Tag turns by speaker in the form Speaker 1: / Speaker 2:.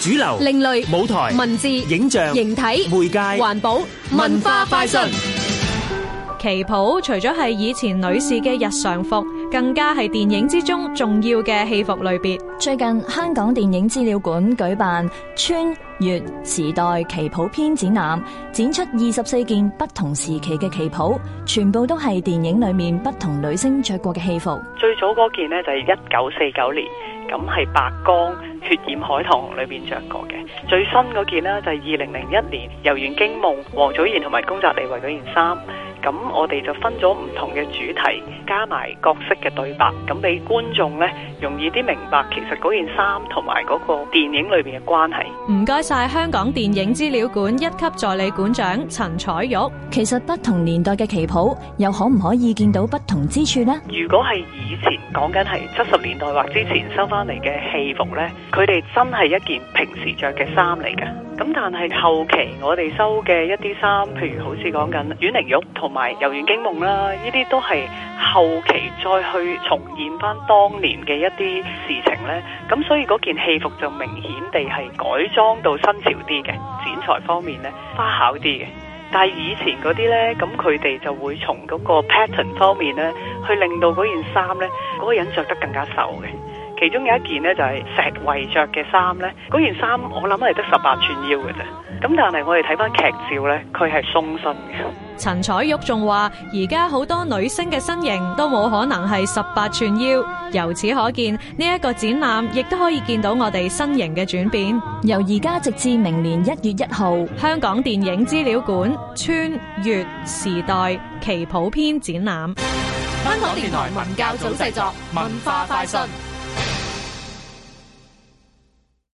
Speaker 1: 主流、另類舞台、文字、影像、形
Speaker 2: 體、媒介、環保、文化、快訊。旗袍除咗係以前女士嘅日常服，
Speaker 3: 更加係電影之中重要嘅戲服類別。最近香港電影資料館舉辦《穿越時代旗袍篇》展覽，展出二十四件不同時期嘅旗袍，全部都係電影裏面不同女星着過嘅戲服。
Speaker 1: 最早嗰件咧就係一九四九年，咁係白光。血染海棠裏邊着過嘅，最新嗰件咧就係二零零一年遊園驚夢，王祖賢同埋宮澤理惠嗰件衫。咁我哋就分咗唔同嘅主題，加埋角色嘅對白，咁俾觀眾呢容易啲明白，其實嗰件衫同埋嗰個電影裏面嘅關係。
Speaker 2: 唔該晒香港電影資料館一級助理館長陳彩
Speaker 3: 玉。其實不同年代嘅旗袍，又可唔可以見到不同之處呢？
Speaker 1: 如果係以前講緊係七十年代或之前收翻嚟嘅戲服呢，佢哋真係一件平時着嘅衫嚟嘅。咁但係後期我哋收嘅一啲衫，譬如好似講緊《阮玲玉》同埋《遊園驚夢》啦，呢啲都係後期再去重現翻當年嘅一啲事情呢。咁所以嗰件戲服就明顯地係改裝到新潮啲嘅剪裁方面呢，花巧啲嘅。但係以前嗰啲呢，咁佢哋就會從嗰個 pattern 方面呢，去令到嗰件衫呢，嗰、那個人着得更加瘦嘅。其中有一件呢，就係、是、石慧着嘅衫，呢件衫我諗係得十八寸腰嘅啫。
Speaker 2: 咁但係我哋睇翻
Speaker 1: 劇照呢，佢係鬆身嘅。
Speaker 2: 陳彩玉仲話：而家好多女星嘅身形都冇可能係十八寸腰，由此可見呢一、這個展覽亦都可以見到我哋身形嘅轉變。由而家直至明年一月一號，香港電影資料館穿越時代旗袍篇展覽。香港電台文教組製作，文化快訊。